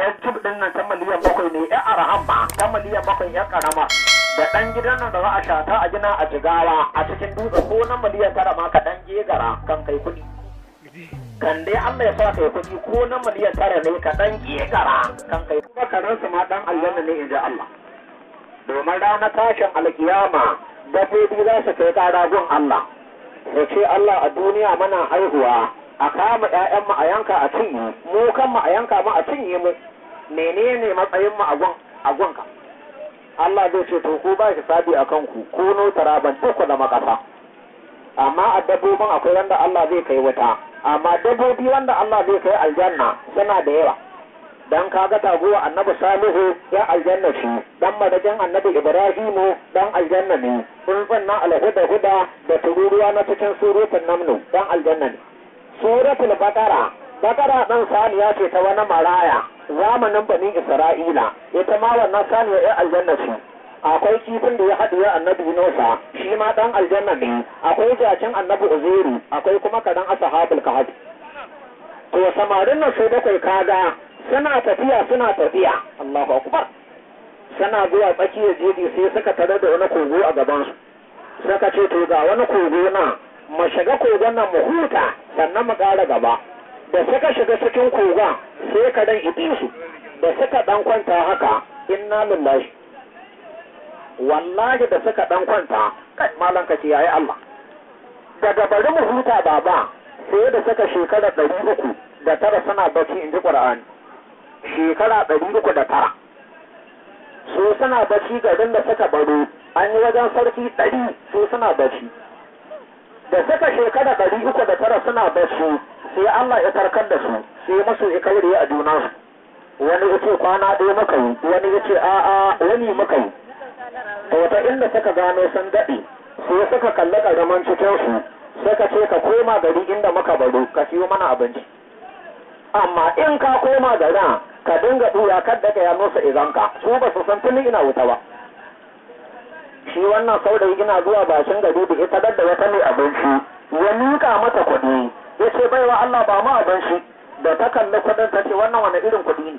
yan tub din nan ta miliyan bakwai ne yan arahan ta miliyan bakwai yan karama da ɗan gidan nan da za a shata a gina a jigawa a cikin dutse ko na miliyan tara ma ka dan gegara kan kai kuɗi kan dai Allah ya sa kai kuɗi ko na miliyan tara ne ka dan gegara kan kai kuɗi karan su ma dan aljanna ne inji Allah domin rana tashin alkiyama dabbobi za su kai ƙara gun Allah Ya ce Allah a duniya mana haihuwa a kama 'ya'yan mu a yanka a cinye mu a yanka mu a cinye mu menene matsayin mu a gon ka Allah zai ce to ko ba shi sabi a kanku ko no taraban duk da makasa amma a dabbobin akwai wanda Allah zai kai wuta amma dabbobi wanda Allah zai kai aljanna suna da yawa dan kaga taguwa annabi salihu ya aljanna shi dan madajin annabi ibrahimu dan aljanna ne tsuntsun na alhuda huda da tururuwa na cikin suratul namnu dan aljanna ne suratul bakara bakara dan saniya ce ta wani maraya zamanin bani isra'ila ita ma wannan sani ya aljanna shi. akwai kifin da ya haɗu ya annabi nosa shi ma ɗan aljanna ne akwai jacin annabi Uzairu akwai kuma karan ashabul kahf to samarin nan sai bakwai kaga suna tafiya suna tafiya Allahu akbar suna zuwa tsakiyar jeji sai suka tare da wani kogo a gaban su suka ce to ga wani kogo na mu shiga kogon nan mu huta sannan mu ƙara gaba da suka shiga cikin koga sai ka dan ibi su da suka dan kwanta haka inna lillahi wallahi da suka dan kwanta kai malan ka ce yayi Allah daga bari mu huta baba sai da suka shekara ɗari uku da tara suna bacci in ji shekara ɗari uku da tara su suna bacci garin da suka baro an yi wajen sarki ɗari so suna bacci da suka shekara ɗari uku da tara suna bacci sai Allah ya farkar da su sai masu hikayar a juna su wani ya ce kwana ɗaya muka yi wani ya ce a'a wani muka yi ta wata inda suka gano sun daɗe sai suka kalli ƙaramin cikin su suka ce ka koma gari inda muka baro ka siyo mana abinci amma in ka koma gari ka dinga ɗura kar da yano ya idan ka, su ba su san tuni ina wuta ba shi wannan saurayi ina zuwa bashin gari da ita da wata mai abinci ya miƙa mata kuɗi ya ce baiwa Allah ba mu don shi da ta kalli kuɗin ta ce wannan wani irin kuɗi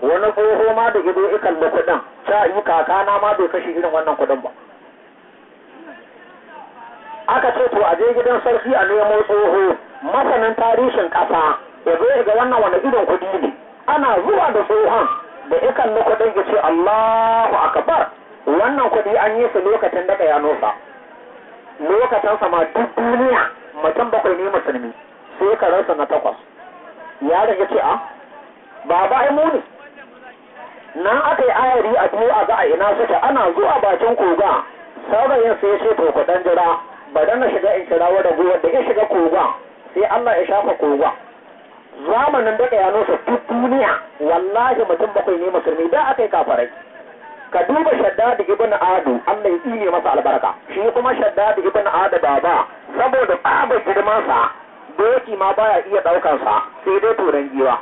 ne wani tsoho ma da ido ya kalli kuɗin ta yi kaka na ma bai kashe irin wannan kuɗin ba aka ce to a je gidan sarki a nemo tsoho masanin tarihin kasa ya zo ga wannan wani irin kuɗi ne ana zuwa da tsohon da ya kalli kuɗin ya ce Allahu akbar wannan kuɗi an yi su lokacin da ya lokacin sama duk duniya mutum bakwai ne musulmi sai ka rasa na takwas yaron ya ce a ah, baba ai mu ne nan aka yi ayari a biyu a ga a ina suke ana zuwa bakin koga saurayin sai ya ce to ku dan jira ba dan na shiga in kira wa da da ya shiga koga sai Allah ya shafa koga zamanin da ya duk duniya wallahi mutum bakwai ne musulmi da aka yi kafarai ka duba shaddadi ibn adu Allah ya tsine masa albarka shi kuma shaddadi ibn adu baba saboda tsabar girmansa doki ma baya iya ɗaukansa sai dai turan giwa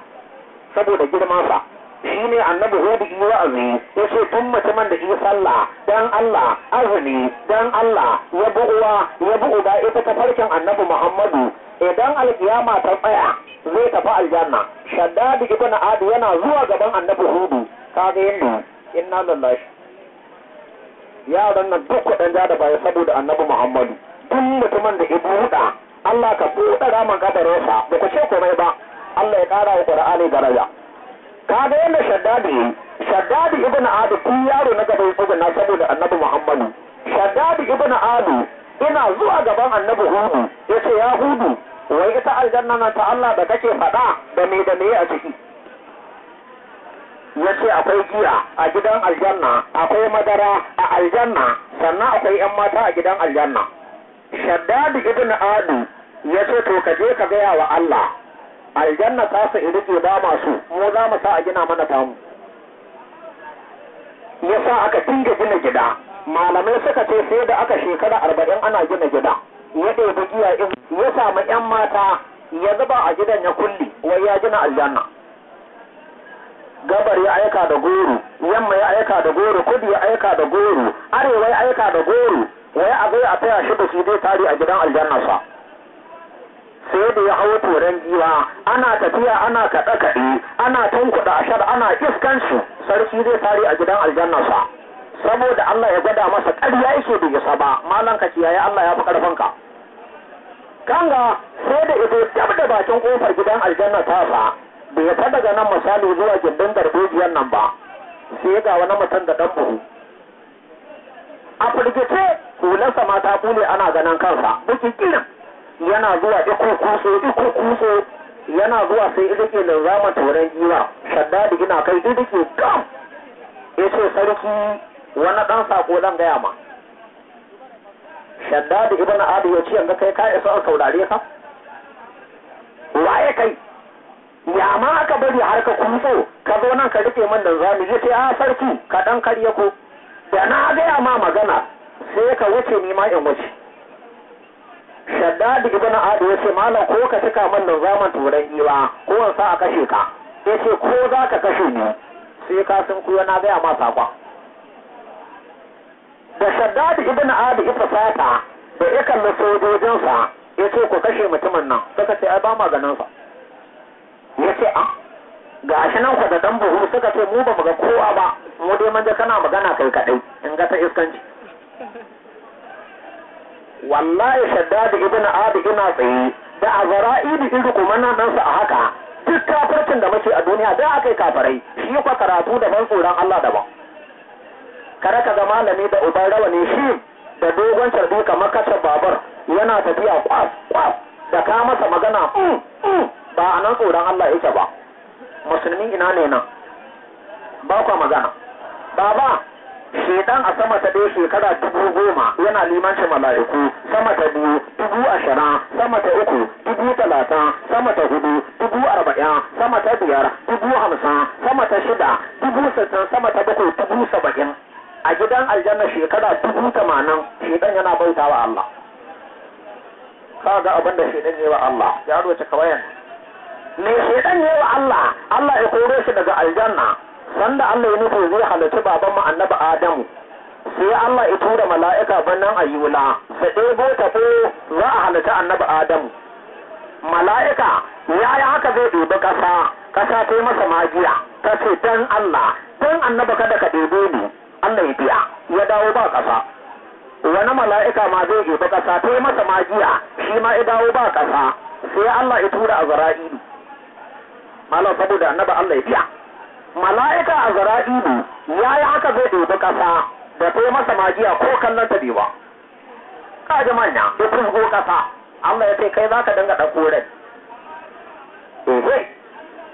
saboda girmansa shi ne annabi hudu yi wa'azi ya ce tun mutumin da yi sallah dan Allah azumi dan Allah ya bu'uwa ya bi ita ta farkin annabi Muhammadu idan alkiyama ta tsaya zai tafi aljanna shaddadi ibn adu yana zuwa gaban annabi hudu ga yin inna lillahi yaran nan duk kudin da baya saboda annabi Muhammadu kun mutumin da ya buɗa Allah ka buɗe ramin kadarinsa ba ku ce komai ba Allah ya ƙara wa Qur'ani daraja ka ga yadda shaddadi yi shaddadi ibn adu kun yaro na gaba ya na saboda annabi muhammadu shaddadi ibn adu ina zuwa gaban annabi hudu ya ce ya hudu wai ita aljanna na ta Allah da kake faɗa da me da me a ciki ya ce akwai giya a gidan aljanna akwai madara a aljanna sannan akwai 'yan mata a gidan aljanna shaddadi ibn adu ya ce to ka je ka gaya wa Allah aljanna ta su irike ba masu mu za mu sa a gina mana tamu ya sa aka tinga gina gida malamai suka ce sai da aka shekara arba'in ana gina gida ya ɗebi giya ya samu yan mata ya zuba a gidan ya kulli wai ya gina aljanna gabar ya aika da goro yamma ya aika da goro kudi ya aika da goro arewa ya aika da goro wai a abai a taya shi da shi zai tare a gidan sa? sai da ya hau turan giwa ana tafiya ana kaɗe kaɗe ana tankuɗa ashar ana iskansu sarki zai tare a gidan aljannarsa saboda Allah ya gwada masa ƙarya yake da isa ba malam ka ya Allah ya fi ka kanga sai da ido tab da bakin kofar gidan aljanna ta tasa bai ya daga nan misali zuwa gindin darbejiyar nan ba sai ga wani mutum da ɗan buhu a firgice hularsa ma ta bule ana ganin kansa baki kiran yana zuwa iko kuso iko kuso yana zuwa sai ita ke linzama tauren jiwa shadda da gina kai duk ke kam ya ce sarki wani ɗan sako zan gaya ma shadda da ibana adu ya ce yanzu kai ka isa a saurare ka waye kai ya ma aka bari har ka kuso ka zo nan ka rufe min linzami ya ce a ah, sarki ka ɗan karye ko da na gaya ma magana sai ya wuce ni ma in wuce shaddadi ibn adu ya ce malam ko ka cika min da zaman turan iwa ko an sa a kashe ka ya ce ko za ka kashe ni sai ka sun kuyo na gaya ma sakwa. da shaddadi ibn adu ita sata da ya kalli sojojinsa ya ce ku kashe mutumin nan suka ce ai ba ma ganinsa ya ce a ah, ga shi nan ku da buhu suka ce mu ba mu ga kowa ba mu dai manja kana magana kai kadai in ga ta iskanci wallahi shaddad ibn abi ina tsaye da azra'i da iru kuma nan dan su a haka duk kafircin da muke a duniya da akai kafirai shi kwa karatu da ban tsoron Allah daban kare ka ga malami da uban rawani shi da dogon carbi kamar kashe babur yana tafiya kwas kwas da ka masa magana mm, mm, ba a nan tsoron Allah yake ba musulmi ina ne nan ba kwa magana baba shedan a sama ta ɗaya shekara dubu goma yana limanci mala'iku sama ta biyu dubu ashirin sama ta uku dubu talatin sama ta hudu dubu arba'in sama ta biyar dubu hamsin sama ta shida dubu sittin sama ta bakwai dubu saba'in a gidan aljanna shekara dubu tamanin shedan yana bauta wa Allah ka ga abin da shedan yi wa Allah ya roce kawayan me shedan yi wa Allah Allah ya koro shi daga aljanna sanda Allah ya nufi zai halarci baban mu annabi Adamu sai Allah ya tura mala'ika bannan ayyula go ɗebo ko za a halarci annabi Adamu mala'ika ya yi haka zai dubi ƙasa ƙasa ta yi masa magiya ta ce dan Allah dan annabi kada ka ɗebe ni Allah ya biya ya dawo ba ƙasa wani mala'ika ma zai dubi ƙasa ta yi masa magiya shi ma ya dawo ba ƙasa sai Allah ya tura a zara'ilu malam saboda annabi Allah ya biya mala'ika a ido ya yi haka zai dubi ƙasa da ta yi masa magiya ko kallon ta bewa ka ji manya ya kusgo ƙasa Allah ya ce kai za ka dinga ɗauko rai ehe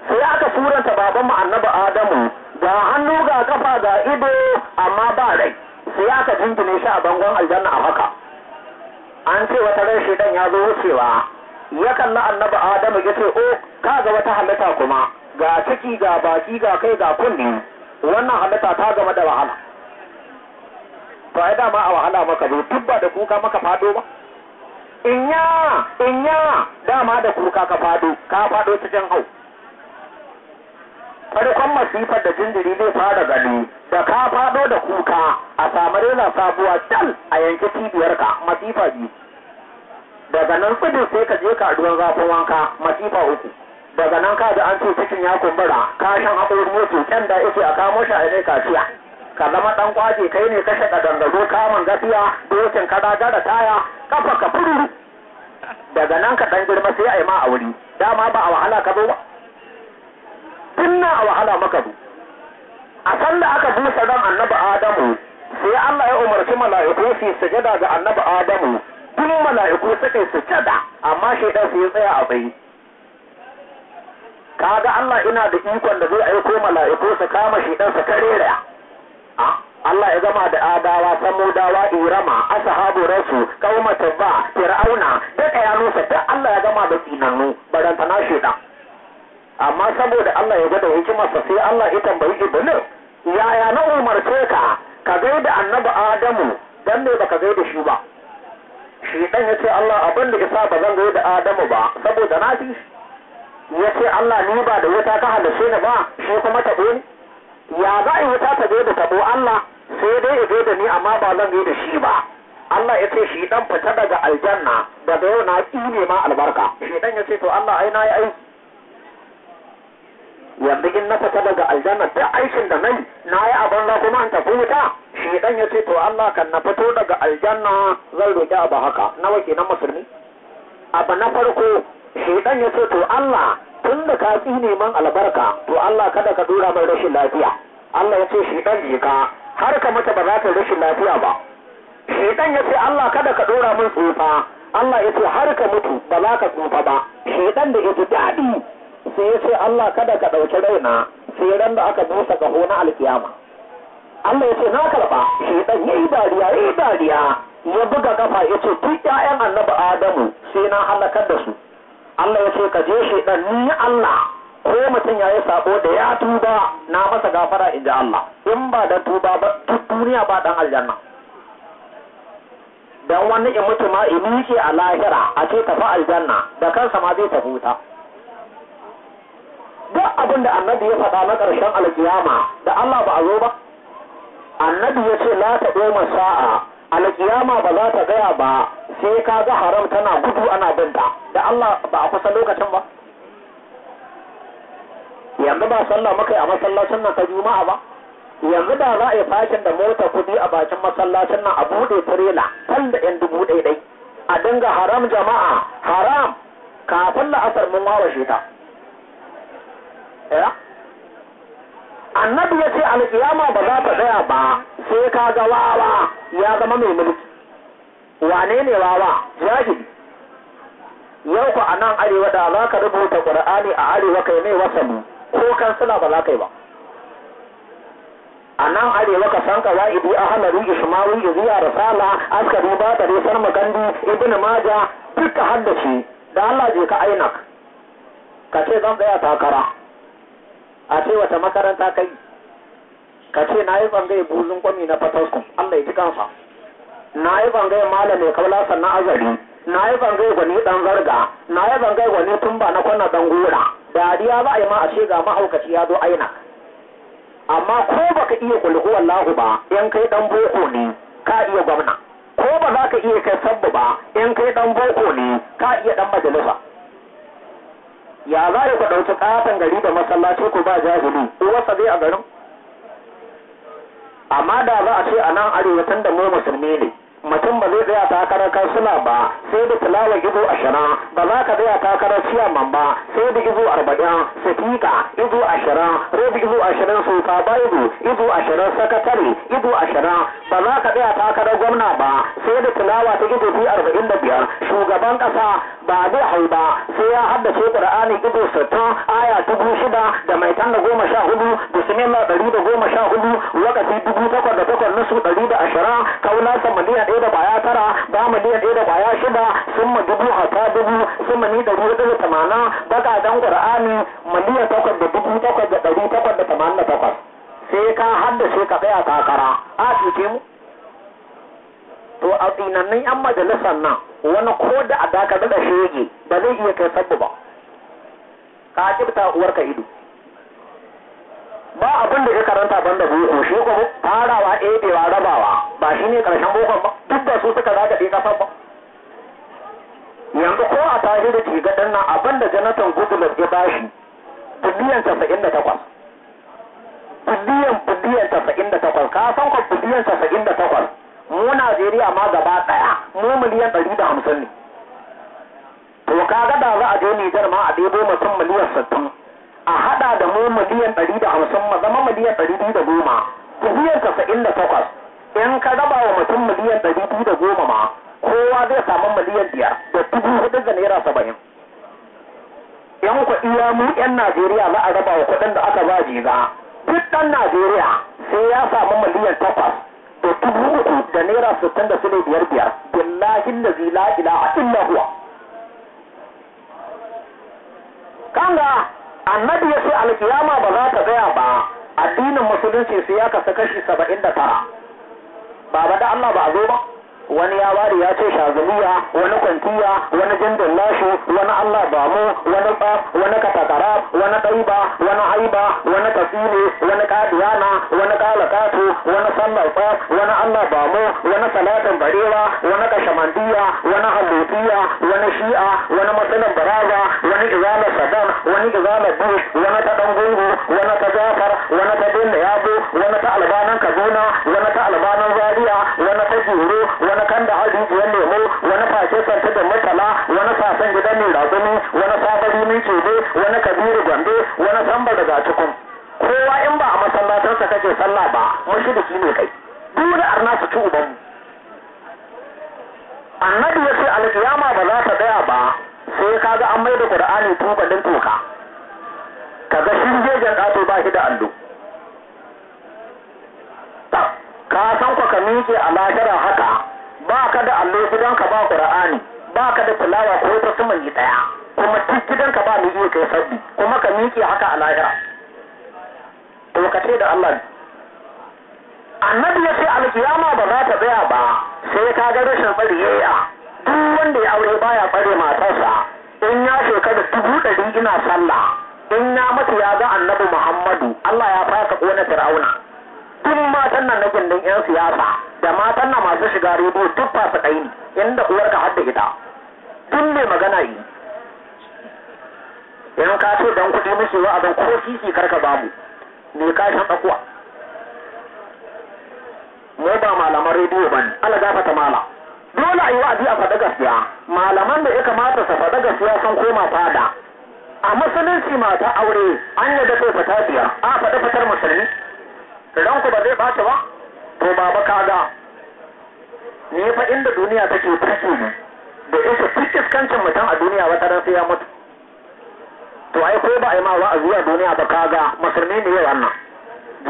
sai aka suranta babanmu annabi adamu ga hannu ga ƙafa ga ido amma ba rai sai aka jingine shi a bangon aljanna a haka an ce wata rai ɗan ya zo wucewa ya kalli annabi adamu ya ce o oh, ga wata halitta kuma ga ciki ga baki ga kai ga kulli wannan halitta ta gama da wahala to ai dama a wahala maka zo duk ba da kuka maka fado ba inya inya dama da kuka ka fado ka fado cikin hau farkon masifar da jinjiri zai fara gani da ka fado da kuka a samu rena sabuwa dal a yanki cibiyarka masifa biyu daga nan tsibir sai ka je ka ruwan zafin wanka masifa uku daga nan ka an ce cikin ya kumbura ka shan haƙorin mutu can da yake a kamo shi a ne kaciya ka zama ɗan kwaje kai ne kashe ka dangazo kamun gafiya dokin ka da taya kafa ka furu daga nan ka ɗan girma sai a yi ma a wuri dama ba a wahala ka zo ba na a wahala maka zo a sanda aka busa ran annabi adamu sai Allah ya umarci mala'iku su sujada ga annabi adamu tun mala'iku suka sujada amma shaidan su ya tsaya a tsaye Ka ga Allah ina da ikon da zai aiko mala'iku su kama shi dan sa karera Allah ya gama da adawa dawa, irama ashabu rasu kauma tabba fir'auna da kayanu sa da Allah ya gama da baran barantana shi da amma saboda Allah ya gwada hikimarsa sai Allah ya tambayi Iblis yaya na umarce ka ka gaida annabi Adamu dan ne baka gaida shi ba shi dan ce Allah abin da isa ba zan gaida Adamu ba saboda na shi ya ce Allah ni ba da wuta ka halashe ni ba shi kuma taɓo ya za yi wuta ta zo da taɓo Allah sai dai ya da ni amma ba zan zo da shi ba Allah ya ce shi dan fita daga aljanna daga yau na ne ma albarka shi dan ya ce to Allah ai na yi aiki yanzu in na fita daga aljanna duk aikin da nai na yi a banza kuma in tafi wuta shi dan ya ce to Allah kan na fito daga aljanna zan roƙi abu haka nawa kenan musulmi abu na farko shaitan ya ce to Allah tun da ka tsine neman albarka to Allah kada ka dora mai rashin lafiya Allah ya ce shaitan je ka har ka mata ba za ta rashin lafiya ba shaitan ya ce Allah kada ka dora min tsufa Allah ya ce har ka mutu ba za ka tsufa ba shaitan da ya ji daɗi sai ya ce Allah kada ka ɗauki raina sai ran da aka busa kaho na alkiyama Allah ya ce na karɓa shaitan ya yi dariya ya yi dariya ya buga kafa ya ce tun 'ya'yan annabi Adamu sai na halakar da su Allah ya ce ka je shi ɗan ni Allah ko mutum ya yi sabo da ya tuba na masa gafara inji Allah in ba da tuba ba duniya ba dan aljanna dan wani in mutu ma in miƙe a lahira a ce tafi aljanna da kansa ma zai tafi wuta duk abin da annabi ya faɗa na ƙarshen alkiyama da Allah ba a zo ba annabi ya ce la ta sa'a alkiyama ba za ta gaya ba sai ka ga haram tana gudu ana danta da Allah ba a kusa lokacin ba yanzu ba sallah muka yi a masallacin nan ta juma'a ba yanzu da za a yi fakin da mota kudi a bakin masallacin nan a buɗe tirela tal da yan dubu dai a dinga haram jama'a haram kafin la'asar mun wawashe ta annabi ya ce alkiyama ba za ta tsaya ba sai ka ga wawa ya zama mai mulki wane ne wawa jahili yau ku a nan arewa da za ka rubuta ƙur'ani a arewa kai mai mu ko kan suna ba za ka yi ba a nan arewa ka san kaza idi ahalari ishmawi iziya risala askari ba da resar magandi ibn maja duka haddashi da Allah je ka ainak ka ce zan tsaya takara a ce wata makaranta kai ka ce na yi bangaye buzun kwami na fatasku Allah ya ji kansa na yi bangaye malam mai kaula sannan azari na yi bangaye gwani dan zarga na yi bangaye gwani tumba na kwana dan gora dariya ba a yi ma a ce ga mahaukaci ya zo aina amma ko ba ka iya kulhu wallahu ba in kai dan boko ne ka iya gwamna ko ba za ka iya kai sabba ba in kai dan boko ne ka iya dan majalisa ya za ku ɗauki ƙaton gari da masallaci ku ba jahili uwarsa zai a garin amma da za a ce a nan arewa tun da mu musulmi ne mutum ba zai tsaya takarar kansula ba sai da tilawa gizo ashirin ba za ka tsaya takarar ciyaman ba sai da gizo arba'in sitika izo ashirin rabi izo ashirin sulta baidu izo ashirin sakatare izo ashirin ba za ka tsaya takarar gwamna ba sai da tilawa ta gizo fi arba'in da biyar shugaban ƙasa ba zai hau ba sai ya haddace ƙur'ani izo sittin aya dubu shida da mai tan da goma sha hudu bismillah ɗari da goma sha hudu lokaci dubu takwas da takwas na su ɗari da ashirin kauna samaniya ɗaya ɗaya da kwaya tara ba miliyan ɗaya da kwaya shida sun ma dubu hausa dubu sun ma ni da hudu da tamanin dan ƙur'ani miliyan takwas da dubu takwas da ɗari takwas da tamanin da takwas sai ka sai ka tsaya takara a cuce mu to a tsinannin yan majalisar nan wani ko da a dakatar da shege ba zai iya kai sabu ba ka kibta uwarka ido ba abin da ka karanta ban da boko shi ko farawa ɗebewa rabawa ba shi ne ƙarshen bokon ba duk da su suka zagaɗe ƙasar ba yanzu ko a tashi da ci gaɗin nan abin da janatan gudunar ya bashi biliyan casa'in da takwas biliyan biliyan casa'in da takwas ka san ko biliyan casa'in da takwas mu najeriya ma gaba ɗaya mu miliyan ɗari da hamsin ne to kaga da za a je nijar ma a ɗebo mutum miliyan sittin kai miliyan ɗari da hamsin ma zama miliyan ɗari biyu da goma tafiyar tasa'in da takwas in ka raba wa mutum miliyan ɗari biyu da goma ma kowa zai samu miliyan biyar da dubu hudu da naira saba'in yan kuɗi ya mu yan najeriya za a raba wa kuɗin da aka ba jiza duk ɗan najeriya sai ya samu miliyan takwas da dubu uku da naira sittin da sule biyar biyar billahi lazi la ilaha illa huwa kanga annabi ya ce alkiyama ba za ta tsaya ba addinin musulunci sai ya kasa kashi saba'in da tara ba ba da Allah ba a zo ba wani ya ware ya ce shazaliya wani kwantiya wani jindin wani allah bamu wani tsaf wani katakara wani ɗaiba wani aiba wani tafile wani kadiyana wani kalakatu wani sallar tsaf wani allah bamu wani salatin barewa wani kashamandiya wani halittiya wani shi'a wani matsalin baraza wani izalar saddam wani izalar bus wani ta ɗangungu wani ta jafar wani ta bello yabo wani ta albanan kaduna wani ta albanan zaria jere wani kan da hajijiyar lemo wani fashe santa da murtala wani sasan gidan mai razumi wani sabari mai cebe wani kabiru gombe wani samba daga cikin kowa in ba a masallatarsa kake sallah ba shi ne kai dole arna su ci ubanmu annabi ya ce alkiyama ba za ta tsaya ba sai ka ga an mai da qur'ani din tuka kaga shin jejen ɗato ba shi da allo ka san ka miƙe a lahira haka ba ka da allo gidan ka ba qur'ani ba ka da tilawa ko ta suma yi daya kuma gidan ka ba mu yi kai sabbi kuma ka miƙe haka a lahira to ka ce da Allah annabi ya ce alkiyama ba za ta tsaya ba sai ka ga rashin tsariyayya duk wanda ya aure baya tsare matarsa in ya shekara dubu ɗari ina sallah in na mutu ya ga annabi muhammadu Allah ya fasa ƙona fir'auna duk matan nan na gindin 'yan siyasa da matan nan masu shiga rediyo duk fasa ɗai ne inda ka hadda ita tun mai magana yi in ka don dan kuɗi mishi wa abin ko sisi karka bamu me ka shan tsakuwa mu ba malaman rediyo ba ne ala ta mala dole a yi wa'azi a faɗa gaskiya malaman da ya kamata su faɗa gaskiya sun koma fada a musulunci mata aure an da kai fata siya a faɗi fitar musulmi ku ba zai bata ba to baba kaga ni fa inda duniya take tuki ne da isa kancin mutum a duniya wata ran sai ya mutu to ai ko ba a yi ma wa'azi a duniya ba kaga musulmi ne yau wannan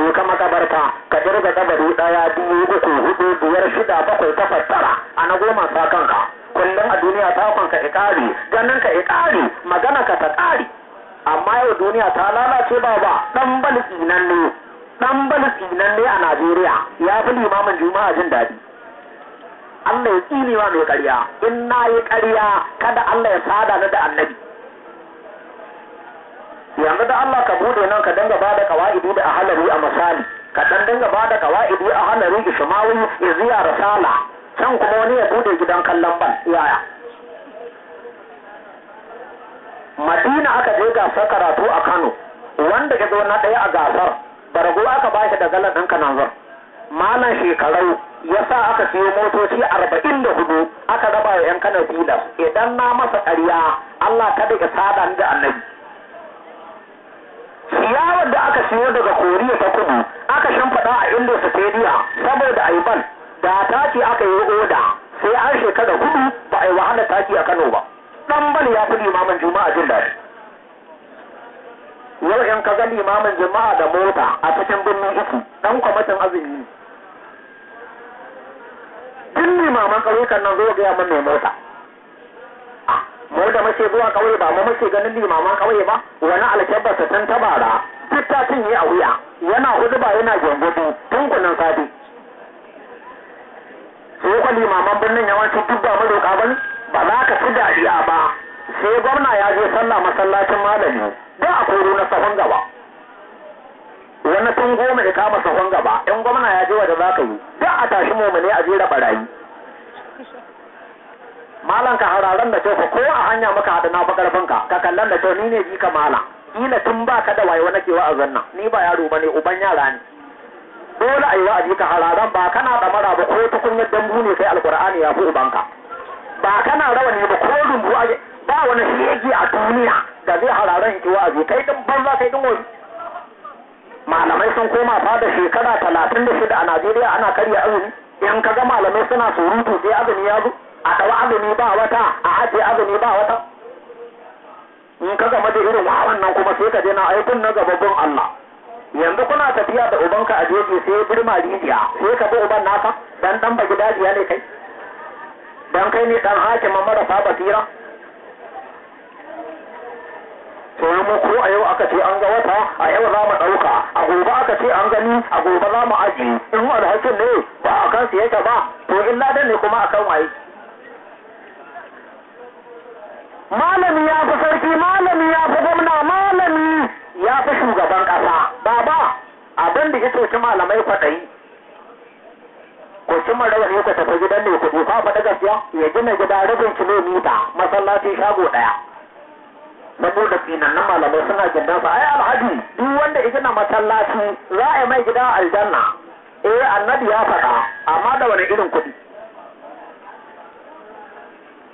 je ka makabarta ka kirga kabari daya biyu uku hudu biyar shida bakwai takwas tara a na goma sa kanka kullum a duniya takon ka ikari ganin ka ikari magana ka ta kari amma yau duniya ta lalace ba ba dan baliki nan ne dan balisi nan ne a Najeriya ya fi limamin juma'a jin daɗi Allah ya tsini wa mai ƙarya in na yi ƙarya kada Allah ya sada na da annabi yanzu da Allah ka bude nan ka danga bada kawaidi da ahalari a misali ka dan danga bada kawaidi a ahalari ismawi iziya rasala can kuma wani ya bude gidan kallon ban yaya Madina aka je gasar karatu a Kano wanda ya zo na ɗaya a gasar bargo aka ba shi da galan ɗan kananzar malam shekarau ya sa aka siyo motoci arba'in da hudu aka raba wa yan kanar filas idan na masa ƙarya allah ta ya sada ni da annabi Siyawar da aka siyo daga koriya ta kudu aka shimfiɗa a indo stadium saboda aiban da taki aka yi oda sai an shekara hudu ba a yi wahala taki a kano ba ɗan bani ya fi limamin juma'a jin daɗi yau in ka ga limamin jama'a da mota a cikin birnin uku dan kwamitin azumi ne Tun limaman ƙauyukan nan zo gaya min mai mota mu da mace zuwa ƙauye ba mu mace ganin limaman ƙauye ba wani alkyabba ta can tabara duk ta cinye a wuya yana huduba yana gyangyaɗi tun kunan sadi yi kwali limaman birnin yawancin duk ba maroƙa ba ba za ka fi dariya ba sai gwamna ya je sallah masallacin malami da a koro na sahon gaba wani tun goma ya kama sahon gaba in gwamna ya je wajen za ka yi ba a tashi momine a jera barayi malan ka hararen da kyau ko a hanya maka hada na bakar banka. ka kallon da kyau ni ne ji malam ina tun ba ka da wayo nake a zanna ni ba yaro bane uban yara ne dole a yi wa'azi ka hararen ba kana da mara ba ko tukunyar dambu ne kai alkur'ani ya fi ubanka ba kana rawani ba ko rumbu ba wani shege a duniya da zai hararen ki wa'azi kai din banza kai din wani malamai sun koma fa da shekara talatin da shida a najeriya ana karya azumi in ka ga malamai suna surutu sai azumi ya zo a ɗawa azumi ba wata a ajiye azumi ba wata in ka gama da irin wannan kuma sai ka je na aikun na gababin Allah yanzu kuna tafiya da ubanka a jeji sai birma rijiya sai ka bi uban naka dan dan ba gidajiya ne kai dan kai ne dan hakiman marasa basira to mu ko a yau aka ce an ga wata a yau za mu ɗauka a gobe aka ce an gani a gobe za mu aji in alhakin ne ba a kan su yake ba to in ladan ne kuma akan waye malami ya fi sarki malami ya fi gwamna malami ya fi shugaban ƙasa baba abin da ito ci malamai kwaɗayi ko cin mara wani ku tafi gidan ne kuɗi fa faɗi gaskiya ya gina gida rubin kilomita masallaci shago ɗaya na moda finan nan malamai suna gindan sa ai alhaji duk wanda ya gina masallaci za a yi mai gida aljanna eh annabi ya faɗa amma da wani irin kuɗi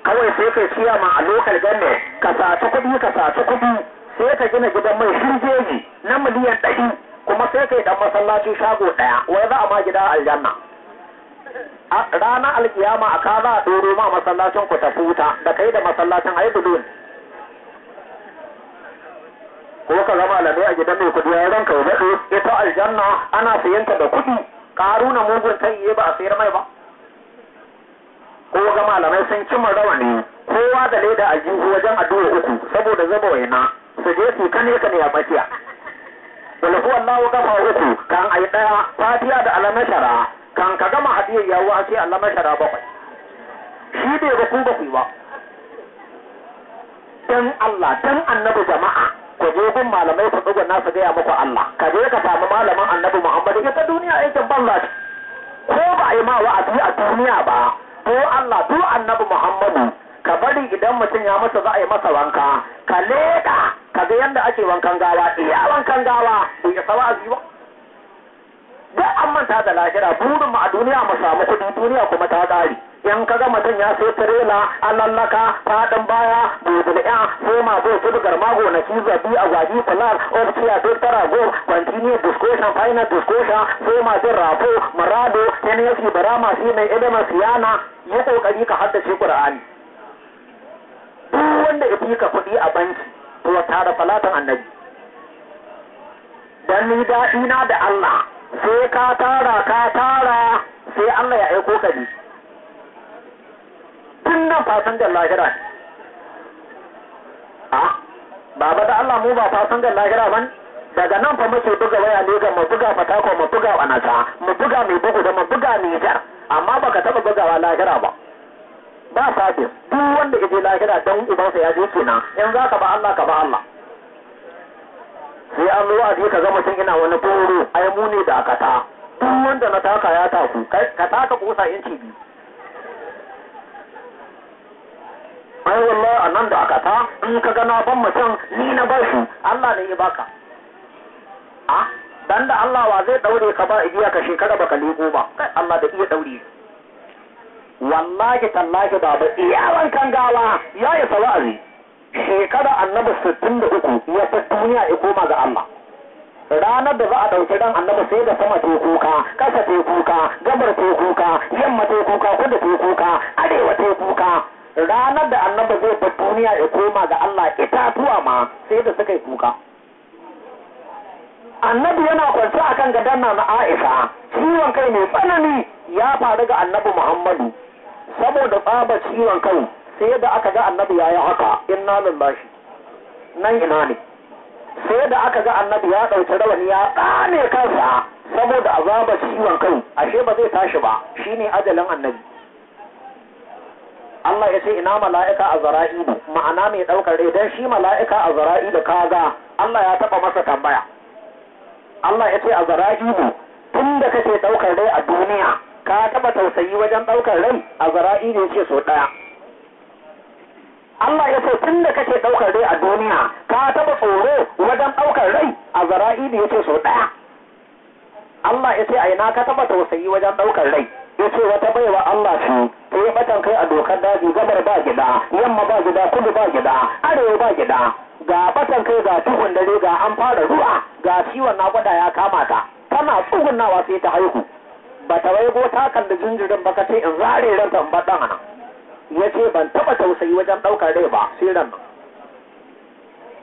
kawai sai kai siya ma a lokal ganne ka saci kuɗi ka saci kuɗi sai ka gina gidan mai shirjeji na miliyan ɗari kuma sai kai dan masallaci shago ɗaya wai za a ma gida aljanna Rana alkiyama a ka za a ɗoro ma masallacin ku ta futa da kai da masallacin ai suka zama malamai a gidan mai kudi ya ranka ya daɗe ita aljanna ana sayanta da Karu na mugun ta iya ba a sayar mai ba ko ga malamai sun cimma rawani kowa da leda a jihu wajen addu'a uku saboda zaba waina su je su kane kane a tsakiya wala huwa Allahu gafa uku kan ai daya fatiha da alamashara kan ka gama hadiyar yawo ake alamashara bakwai shi bai ga ku ba ku ba dan Allah dan annabi jama'a ku je gun malamai su tsugun nasu gaya muku Allah ka je ka samu malamin annabi Muhammad ta duniya aikin banza ce ko ba a yi ma wa'azi a duniya ba ko Allah duk annabi Muhammadu ka bari idan mutum ya masa za a yi masa wanka ka leka ka ga yadda ake wankan gawa iya wankan gawa ya isa wa'azi ba duk an manta da lahira burin mu a duniya mu samu kuɗi duniya kuma ta ƙare in ka ga mutum ya sai tirela an lallaka faɗin baya bulbulya soma zai su dugar mago na ci zabi a gwaji falar ofciya tara go continue discussion final discussion soma zai rafo murado nfc barama shi mai ilimin siyana yi kokari ka haddace qur'ani duk wanda ya fi ka kuɗi a banki to ya tara falatan annabi dan ni daɗi na da Allah sai ka tara ka tara sai Allah ya aiko ka ne kullum fasanjan lahira ne a ah, baba da Allah mu ba fasanjan lahira ba daga nan fa muke buga waya ne ga mu buga fatako mu buga wa nasa mu buga mai bugu da mu buga mai jar amma baka taba bugawa lahira ba ba sabis duk wanda ka je lahira don ubansa ya je kenan in za ka ba Allah ka ba Allah sai an zo a ka ga mutum ina wani boro ai mu ne da aka ta duk wanda na taka ya taku ka taka kusa inci biyu ai a nan da aka ta in ka gana ban mutum ni na ba shi Allah ne ya baka a dan da Allah wa zai daure ka ba igiya ka shekara baka leko ba kai Allah da iya daure wallahi tallahi baba iyawan kan gawa ya yi sawazi shekara annabi sittin da uku ya ta duniya ya koma ga Allah ranar da za a ɗauki ran annabi sai da sama tekuka, kuka ƙasa te kuka gabar te kuka yamma te kuka kudu te kuka arewa te kuka ranar da annaba zai bar duniya ya koma ga Allah itatuwa ma sai da suka yi kuka annabi yana kwance akan gadon na na Aisha ciwon kai mai tsanani ya faru ga annabi Muhammadu saboda tsaba ciwon kai sai da aka ga annabi yayi haka inna lillahi nan ina ne sai da aka ga annabi ya ɗauki rawani ya ɗane kansa saboda azaba ciwon kai ashe ba zai tashi ba shine ajalin annabi Allah ya ce ina mala'ika a zara'ilu ma'ana mai ɗaukar rai don shi mala'ika a zara'ilu kaga Allah ya taɓa masa tambaya Allah ya ce a zara'ilu tun da kake ɗaukar rai a duniya ka taɓa tausayi wajen ɗaukar rai a zara'ilu ce so ɗaya Allah ya ce tun da kake ɗaukar rai a duniya ka taɓa tsoro wajen ɗaukar rai a zara’i ya ce so ɗaya Allah ya ce a ina ka taɓa tausayi wajen ɗaukar rai ya ce wata baiwa Allah shi ta eh, yi batan kai a dokar daji gabar ba gida yamma ba gida kudu ba gida arewa ba gida ga batan kai ga tuhun dare ga an fara ruwa ga ciwon gwada ya kama ta tana tsugunnawa sai ta haihu ba ta waigo ta kalli jinjirin ba ka ce in zare ranta in bar ɗan ya ce ban taɓa tausayi wajen ɗaukar rai ba sai ran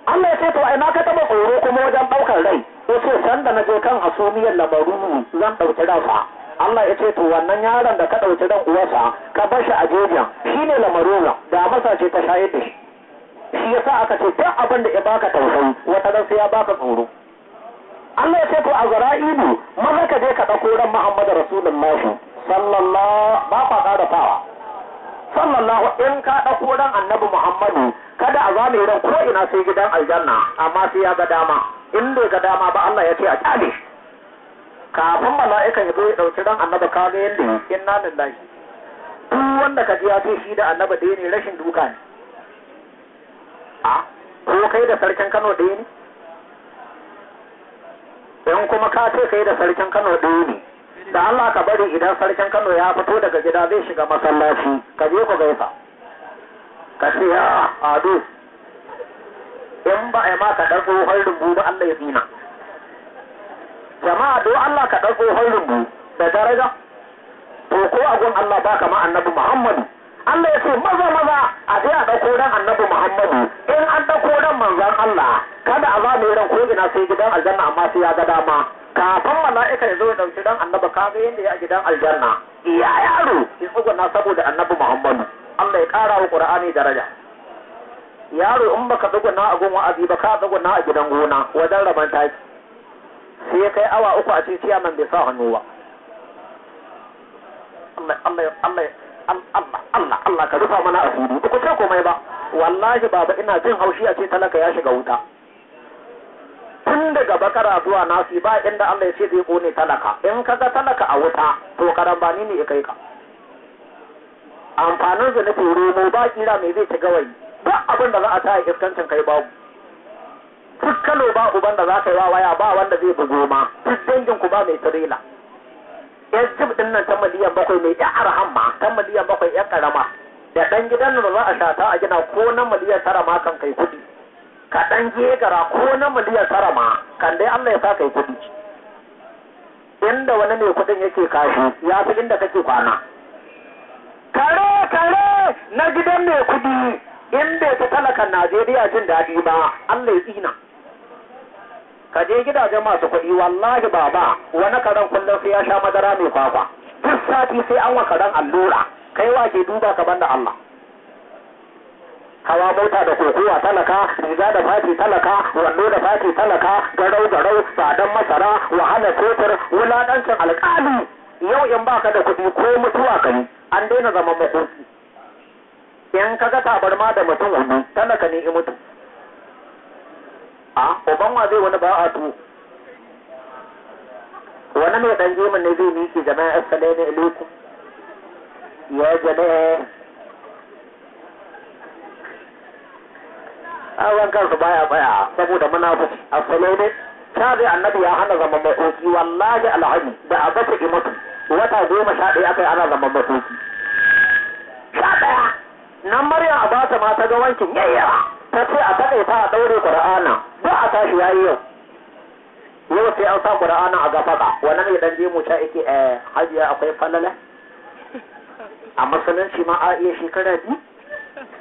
Allah ya ce to ina ka taɓa tsoro kuma wajen ɗaukar rai ya ce sanda na je kan hasumiyar labaru zan ɗauki rafa Allah ya ce to wannan yaron da ka ɗauki dan uwarsa ka bar shi a jejin shi ne lamarola da masa ce ta shayar da shi shi ya sa aka ce duk abin da ya baka tausayi wata nan sai ya baka tsoro Allah ya ce to a zara'ibu maza ka je ka ɗauko ran Muhammadu Rasulullahi sallallahu ba ka ƙara fawa sallallahu in ka ɗauko ran annabi Muhammadu kada a zame ran ko ina sai gidan aljanna amma sai ya ga dama in bai ga dama ba Allah ya ce a kyale shi kafin mala'ikan ya zo ya ɗauki ran annaba ka ga yadda hmm. ya inna lillahi duk wanda ka ji ya ce shi da annaba ɗaya ne rashin duka ne a ko kai da sarkin Kano ɗaya ne in kuma ka ce kai da sarkin Kano ɗaya ne da Allah ka bari idan sarkin Kano ya fito daga gida zai shiga masallaci ka je ku gaisa ka ce ya ado in ba a yi maka ɗan tsohon rubu ba Allah ya tsina jama'a do Allah ka ɗan tsohon rubu da daraja to ko a gun Allah ba kama annabi Muhammadu Allah ya ce maza maza a je a ɗauko ran annabi Muhammadu in an ɗauko ran manzan Allah kada a za mu ran ko ina sai gidan aljanna amma sai ya ga dama kafin mala'ika ya zo ya ɗauki ran annabi ka ga yadda ya gidan aljanna iya yaro ya tsuguna saboda annabi Muhammadu Allah ya ƙara wa Qur'ani daraja yaro in baka tsugunna a gun wa'azi ba ka na a gidan gona wajen rabon taki sai ya kai awa uku a cikin ciyaman bai sa hannu ba Allah Allah ka rufa mana asiri ba ku ce komai ba wallahi baba ina jin haushi a ce talaka ya shiga wuta tun daga bakara zuwa nasi ba inda Allah ya ce zai kone talaka in ka ga talaka a wuta to karambani ne ya kai ka amfanin zunubi romo ba kira mai zai ci gawayi ba abin da za a ta iskancin kai babu duk kano ba uban da za ka yi wa waya ba wanda zai bugo ma duk dangin ku ba mai tirela yan jib din nan ta miliyan bakwai mai yan arham ma ta miliyan bakwai yan karama da dan gidan da za a shata a gina ko na miliyan tara ma kan kai kuɗi ka dan gegara ko na miliyan tara ma kan dai Allah ya sa kai kuɗi inda wani mai kuɗin yake kashi ya fi inda kake kwana kare kare na gidan mai kuɗi in bai ta talakan Najeriya jin daɗi ba Allah ya tsina. ka je gidajen masu kuɗi wallahi baba wani karen kullum sai ya sha madara mai kwakwa duk sati sai an wa karen allura kai wa ke duba ka banda Allah hawa mota da kokowa talaka riga da fati talaka wando da fati talaka garau garau tsadan masara wahala kotar wuladancin alƙali yau in baka da kuɗi ko mutuwa ka yi an daina zaman makoki in ka ga tabarma da mutum wani talaka ne in mutu a uban wa zai wani ba a tu wani mai ɗan jimin ne zai miki jama'a assalai ne ilaikum ya jama'a awan kansu baya baya, saboda muna munafiki assalai ne sabi annabi ya hana zaman makoki wallahi alhaji da abata imatu wata goma sha ɗaya aka yi ana zaman makoki sha ɗaya nan marya a ba ta ma ta ga wankin yayyawa ta ce a kaɗai ta a ɗaure ƙura'ana ba a tashi ya yi yau yau sai an sa ƙura'ana a gafaka wannan ne dan jimu ta ake a eh, hajiya akwai falala a musulunci ma a iya shekara biyu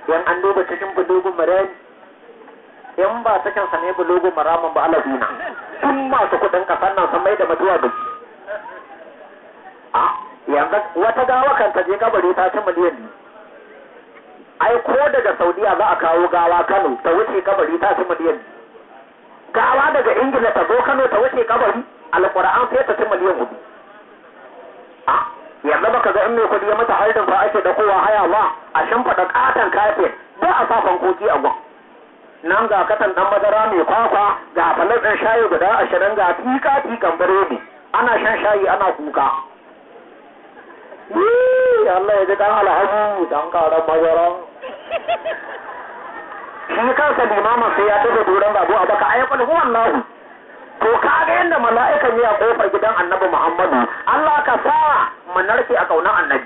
yan an duba cikin bulogun marami yan ba cikin sa ne bulogun maramin ba ala duna tun masu kuɗin ƙasar nan sun mai da mutuwa da a ah, yanzu wata gawa kan ta je kabari ta ci miliyan biyu ai ko daga saudiya za a kawo gawa kano ta wuce kabari ta ci miliyan gawa daga ingila ta zo kano ta wuce kabari alkur'an sai ta ci miliyan hudu a yanzu baka ga in mai kudi ya mata haidin fa ake da kowa haya ba a shimfiɗa katon kafin ba a sa fankoki a gwan nan ga katan ɗan madara mai kwakwa ga falar shayi guda ashirin ga tika tikan biredi ana shan shayi ana kuka Allah ya ji dan alhaji dan karan mazaran shi kansa Mama sai ya daga doron babu a baka ayyukan huwan to ka ga yadda mala'ikan ya kofar gidan annabi muhammadu Allah ka sa mu narke a kaunar annabi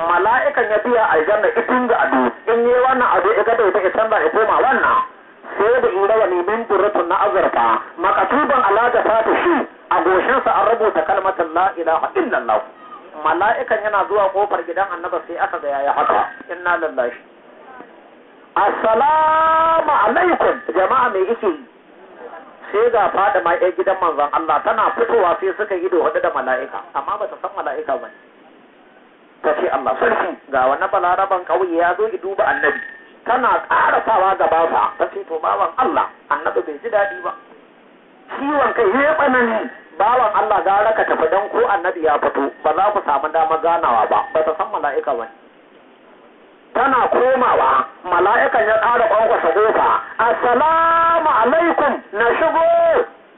mala'ikan ya biya aljanna itin ga ado in yi wannan ado ya ga da isan ba ya koma wannan sai da in rawa min durratun na azurfa makatuban ala da fata shi a goshinsa an rubuta kalmatin la illallah mala'ikan yana zuwa kofar gidan annaba sai aka ga yaya haka inna lillahi assalamu alaikum jama'a me yake yi sai ga fada ma ƴar gidan manzon Allah tana fitowa sai suka yi hudu da mala'ika amma bata san mala'ika ba ta ce Allah sarki ga wani balaraban ƙauye ya zo ki duba annabi tana ƙarasawa gaba fa ta ce to baban Allah annabi bai ji daɗi ba ciwon kai ya tsanani bawan Allah gara ka tafi dan ko annabi ya fito ba za ku samu damar ganawa ba ba ta san mala'ika ba tana komawa mala'ikan ya ƙara kwankwasa gofa assalamu alaikum na shigo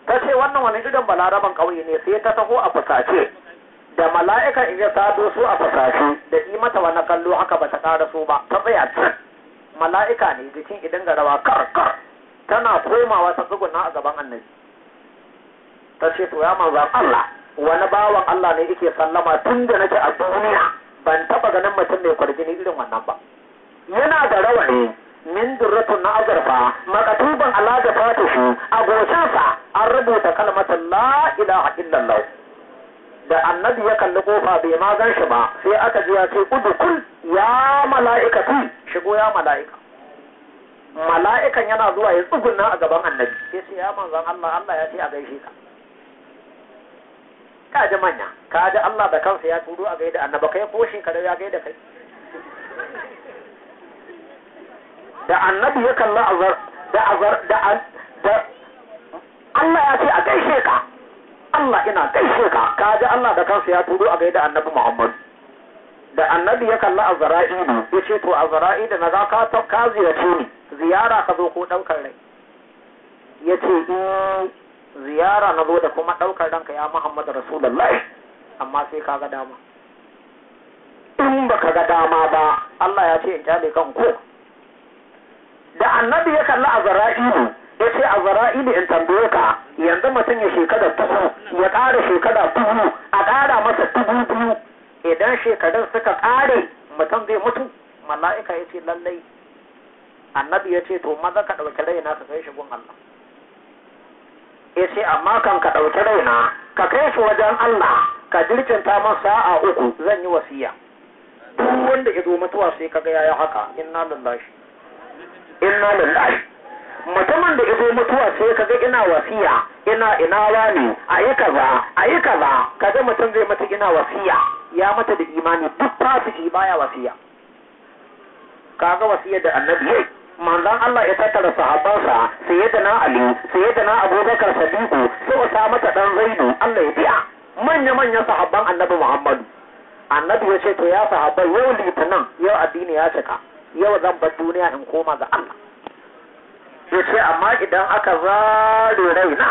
ta ce wannan wani idan balaraban ƙauye ne sai ta taho a fusace da mala'ika in ya sado su a fusace da yi mata wani kallo haka ba ta ƙara so ba ta tsaya mala'ika ne jikin idan garawa kar kar tana komawa ta tsuguna a gaban annabi ta ce to ya manzan Allah wani bawan Allah ne yake sallama tun da nake a duniya ban taba ganin mutum mai kwargini irin wannan ba yana da rawani min durratun na azarfa makatuban allah da fatihi a goshinsa an rubuta kalmatan la ilaha illallah da annabi ya kalli kofa bai ma gan shi ba sai aka ji ya ce udukul ya mala'ikatu shigo ya mala'ika mala'ikan yana zuwa ya tsugunna a gaban annabi sai sai ya manzan Allah Allah ya ce a gaishe ka ka ji manya ka ji Allah da kansa ya turo a gaida annaba kai ko shekaru ya gaida kai da annabi ya kalla azar da azar da an da Allah ya ce a gaishe ka Allah ina gaishe ka ka ji Allah da kansa ya turo a gaida annabi Muhammad da annabi ya kalla azra'i ya ce to azra'i da na za ka ta ka ziyarce ni ziyara ka zo ko daukar rai ya ce eh, ziyara na zo da kuma ɗaukar ranka ya Muhammad Rasulullahi amma sai ka ga dama in ba ka ga dama ba Allah ya ce in kyale kan ko da annabi ya kalli Azra'ilu ya ce Azra'ilu in tambaye ka yanzu mutum ya shekara tuhu ya ƙara shekara tuhu a ƙara masa tuhu biyu idan shekarun suka ƙare mutum zai mutu mala'ika ya ce lallai annabi ya ce to maza ka ɗauki raina ka kai shi gun Allah ya ce amma kan ka ɗauki raina ka kai shi wajen Allah ka jirkinta masa sa'a uku zan yi wasiya duk wanda ya zo mutuwa sai kaga yaya haka inna lillahi inna lillahi mutumin da ya zo mutuwa sai kaga ina wasiya ina ina wani a yi kaza a yi kaza kaga mutum zai mutu ina wasiya ya mata da imani duk fasiki baya wasiya kaga wasiya da annabi manzon Allah ya tattara sahabbansa sayyidina Ali sayyidina Abubakar Sadiku su sa ta dan Zaidu Allah ya biya manya manyan sahabban Annabi Muhammadu Annabi ya ce to ya sahabbai yau litinin yau addini ya cika yau zan bar duniya in koma ga Allah ya ce amma idan aka zare raina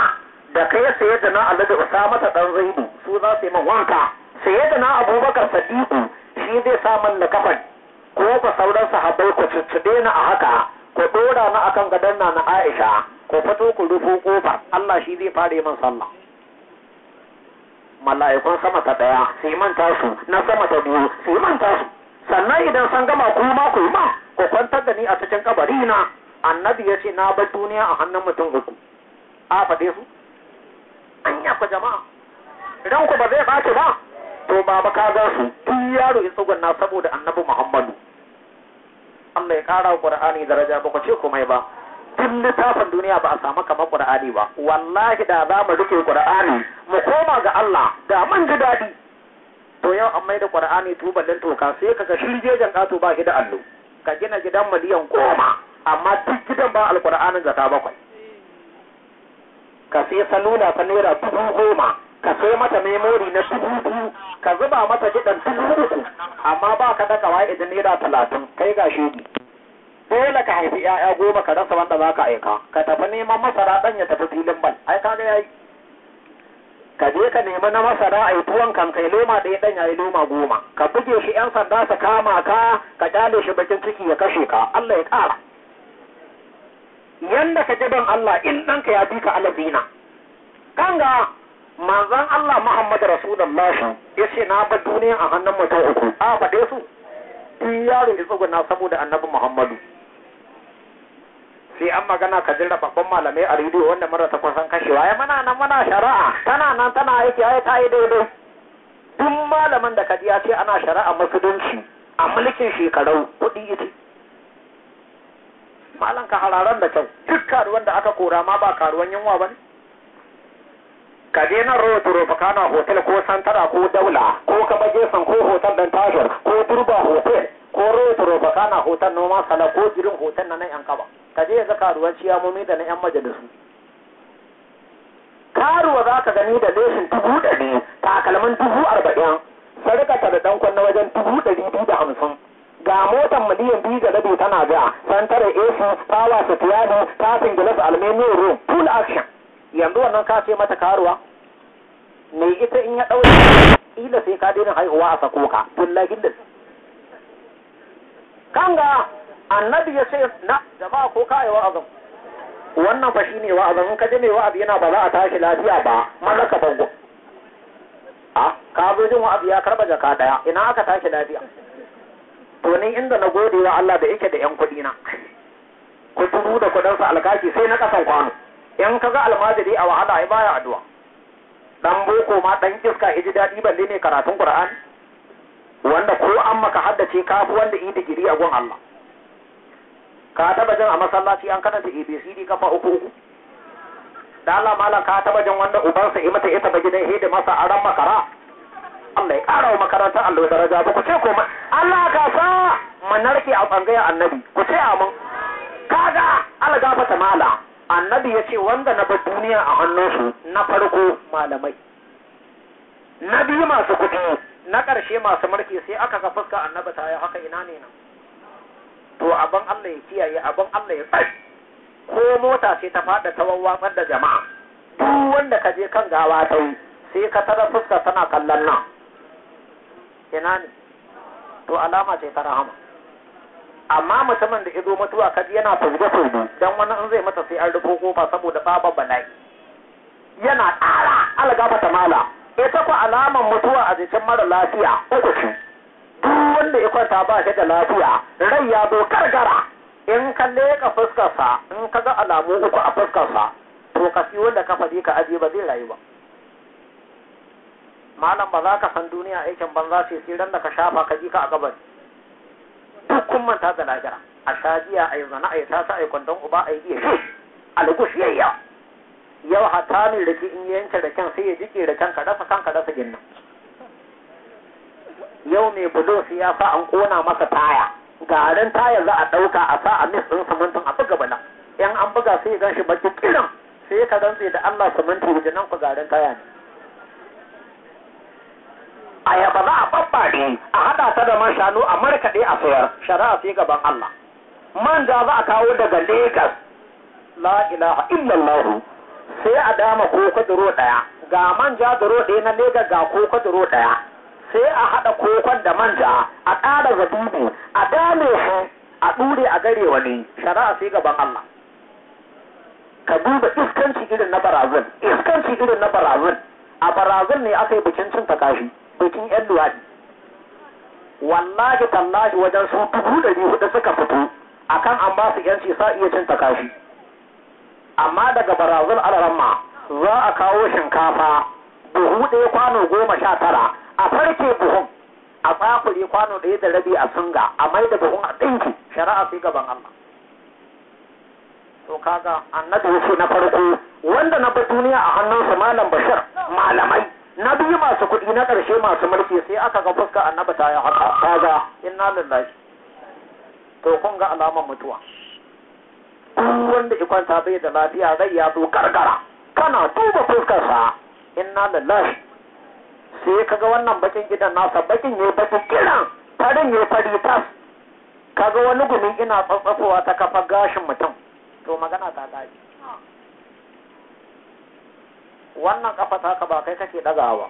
da kai sayyidina Ali da Usama ta dan Zaidu su za su yi min wanka sayyidina Abubakar Sadiku shi zai sa min na kafan ko ka sauran sahabbai ku cuccuɗe ni a haka ku dora na akan gadon na na Aisha ku fito ku rufo kofa Allah shi zai fare man sallah mala'ikun sama ta daya su yi manta su na sama ta biyu su yi manta su sannan idan san gama ku ma ku ma ku kwantar da ni a cikin kabari na annabi ya ce na bar duniya a hannun mutum uku a faɗe su an ku jama'a idan ku ba zai ɓaci ba to baba ka ga su tun yaro ya tsugunna saboda annabi muhammadu Allah ya ƙara Qur'ani daraja ba ku ce komai ba Tun littafin duniya ba a samu kamar Qur'ani ba wallahi da za mu rike Qur'ani mu koma ga Allah da mun ji daɗi to yau an mai da Qur'ani dan toka sai ka ga shirjejen kato ba shi da allo ka gina gidan miliyan goma amma duk gidan ba alƙur'anin zata bakwai ka sai sanuna ta naira dubu goma ka sai mata memori na dubu biyu ka zuba mata gidan dubu uku amma ba ka daka wa idan naira talatin kai ga shegi dole ka haifi 'ya'ya goma ka rasa wanda za ka aika ka tafi neman masara ɗan ya tafi filin ban, ai ga yayi ka je ka nemi na masara a yi tuwon kan kai loma ɗaya ɗan ya yi loma goma ka buge shi 'yan sanda su kama ka ka kyale shi bakin ciki ya kashe ka Allah ya ƙara yanda ka ji ban Allah in ɗanka ya fi ka alazina kanga Manzan Allah Muhammad Rasulullah ya ce na bar duniya a hannun mutum uku a faɗe su tun yaro da tsuguna saboda annabi Muhammadu sai an magana ka jira babban malamai a rediyo wanda mara ta kusan kashewa ya mana nan mana shari'a tana nan tana aiki ai ta yi daidai duk malamin da kadi ya ce ana shari'a musulunci a mulkin shekarau kuɗi ita malam ka hararan da kyau duk karuwan da aka kora ma ba karuwan yunwa ba ne ka je nan road rubakana hotel ko santara ko daula ko kaba gefen ko hotel dan tashar ko turba hotel ko road rubakana hotel noma sana ko jirin hotel na nan yan kaba ka je ga karuwan ciyamomi da na yan majalisu karuwa za ka gani da leshin dubu ɗari takalmin dubu arba'in sarƙata da ɗan na wajen dubu ɗari biyu da hamsin ga motar miliyan biyu ga rabi tana ga santara, ac power sutiyani tafin gilas almeniyar room full action yanzu wannan ka ce mata karuwa me ita in ya ɗaure ila sai ka daina haihuwa a sako ka billahi da kanga annabi ya ce na jama'a ko kai wa'azin wannan fa shine wa'azin in ka je mai wa'azi yana ba za a tashi lafiya ba malaka bango a ka zo jin wa'azi ya karba jaka daya ina aka tashi lafiya to ni inda na gode wa Allah da yake da yan kuɗi na ku dubu da sa alkaki sai na ƙasan kwano in kaga almajiri a wahala ai baya addu'a dan boko ma dan iska hiji dadi balle ne karatun qur'an wanda ko an maka haddace kafu wanda yi digiri a gun Allah ka taba jin a masallaci an da ABCD kafa uku uku da Allah malam ka taba jin wanda ubansa ya mata ita ba gidan hidi masa aran makara Allah ya ƙara wa makaranta Allah daraja ba ku ce ko Allah ka sa manarki a bangayen annabi ku ce amin kaga Allah gafata mala annabi ya ce wanda na bar duniya a hannunsu na farko malamai na biyu masu kuɗi na ƙarshe masu mulki sai aka ga fuska annabi ta yi haka ina ne nan to abin Allah ya kiyaye abin Allah ya tsari ko mota ce ta faɗa ta wawwafar da jama'a duk wanda ka je kan gawa ta yi sai ka tara fuska tana kallon nan ina ne to alama ce ta rahama amma mutumin da ya zo mutuwa kaji yana fulgo fulgo dan wani in zai mata sai an rufo kofa saboda baba bala'i yana ƙara algaba ta mala ita ko alaman mutuwa a jikin mara lafiya uku ce duk wanda ya kwanta ba shi da lafiya rai ya zo gargara in ka leƙa fuskarsa in ka ga alamu uku a fuskarsa to ka fi wanda ka faɗi ka ajiye ba zai rayu ba malam ba za ka san duniya aikin banza sai sai ran da ka shafa ka ji ka a gabas duk kun manta da lahira a shajiya a yi zana a yi tasa a yi kwandon uba a yi iya shi algush ya yawa yau ne da ke in yanke da kyan sai ya jike da kyan ka kan kadasa yau mai bulo sai ya sa an kona masa taya garin taya za a ɗauka a sa a mis ɗin samantin a buga bala yan an buga sai ya gan shi baki kiran sai ka rantse da Allah samantin wuce nan ku garin taya ne ayaba za a babbare a haɗa ta da man shanu a markaɗe a sayar shari'a sai gaban Allah manja za a kawo daga Legas la ilaha illallah sai a dama koko duro ɗaya ga manja duro ɗaya na Legas ga koko duro ɗaya sai a haɗa kokon da manja a ƙara zabibu a dame shi a ɗure a gare wani shari'a sai gaban Allah ka duba iskanci irin na barazin iskanci irin na barazin a barazin ne aka yi bikin cin takashi bikin yan luwaɗi wallahi tallahi wajen su dubu ɗari hudu suka fito a kan an ba su yanci sa iya cin takashi amma daga barazil alaramma za a kawo shinkafa buhu ɗaya kwano goma sha tara a farke buhun a tsakuri kwano ɗaya da rabi a sunga a mai da buhun a ɗinki shari'a sai gaban Allah to kaga annabi yace na farko wanda na bar duniya a hannunsa malam bashir malamai na biyu masu kuɗi na ƙarshe masu mulki sai aka ga fuska annaba ta yi haka ta ga inna lillahi to kun ga alamar mutuwa duk wanda ki kwanta bai da lafiya zai ya zo karkara kana duba fuskarsa inna lillahi sai kaga wannan bakin gidan nasa bakin ne baki kiran farin ne fari tas kaga wani gumin ina tsatsafowa ta kafa gashin mutum to magana ta daji wannan kafa ka ba kai kake dagawa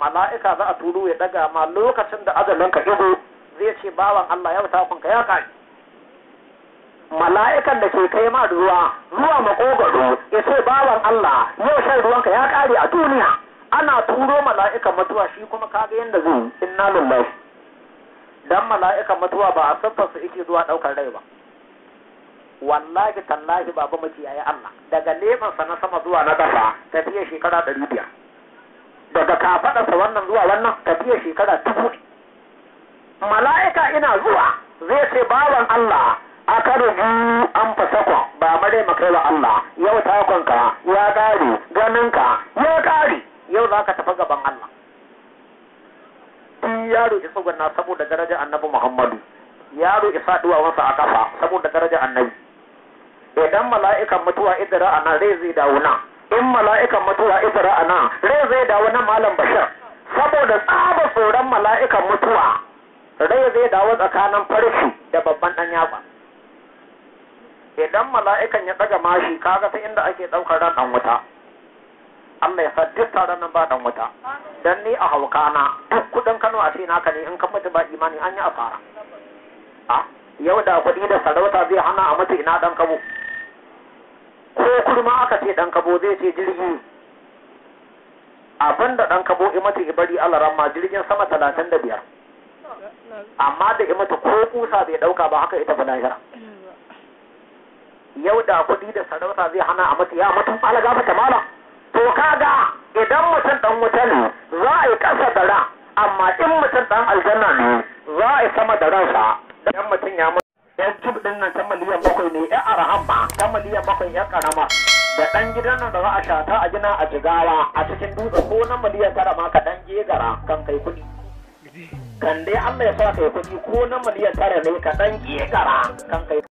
mala'ika za a turo ya daga ma lokacin da azalin ka ido zai ce bawan Allah yau kun ka ya kai mala'ikan da ke kai ma ruwa zuwa makogaro ya ce bawan Allah yau shan ruwanka ya kare a duniya ana turo Mala'ika mutuwa shi kuma kaga yanda zai inna lillahi dan Mala'ika mutuwa ba a siffarsa yake zuwa daukar rai ba wallahi tallahi baba yayi Allah daga lefansa na sama zuwa na ƙasa tafiya shekara ɗari biyar daga kafaɗarsa wannan zuwa wannan tafiya shekara dubu mala'ika ina zuwa zai ce bawan Allah a karo biyu an fasakon ba mare ba Allah yau takonka ya ƙare ganinka ya ƙare yau za ka tafi gaban Allah yaro isa gwanna saboda darajar annabi Muhammadu yaro isa duwa wansa a kafa saboda darajar annabi idan mala'ikan mutuwa idara a nan rai zai dawo nan in mala'ikan mutuwa idara a nan rai zai dawo nan malam bashar saboda tsaba tsoron mala'ikan mutuwa rai zai dawo tsakanin farshi da babban dan yatsa idan mala'ikan ya daga mashi kaga ta inda ake daukar ran dan wuta Allah ya sa duk taron nan ba dan wuta dan ni a haukana duk kudin Kano a ce naka ne in ka mutu ba imani an yi asara a ah, yau da kuɗi da sarauta zai hana a mutu ina dan kabo ko kurma aka ce ɗan kabo zai ce jirgi abin da ɗan kabo imata bari Allah ma jirgin sama talatin da biyar amma da imata ko kusa bai ɗauka ba haka ita balahira yau da kuɗi da sarauta zai hana a mata ya mutum alaga ta mala to kaga idan mutum ɗan wuta ne za a yi ƙasa da ra amma in mutum ɗan aljanna ne za a yi sama da ransa idan mutum ya yan tub din nan ta miliyan bakwai ne yan arahan ta miliyan bakwai yan karama da ɗan gidan nan da za a shata a gina a jigawa a cikin dutse ko na miliyan tara ma ka dan gegara kan kai kuɗi kan dai Allah ya sa kai kuɗi ko na miliyan tara ne ka dan gegara kan kai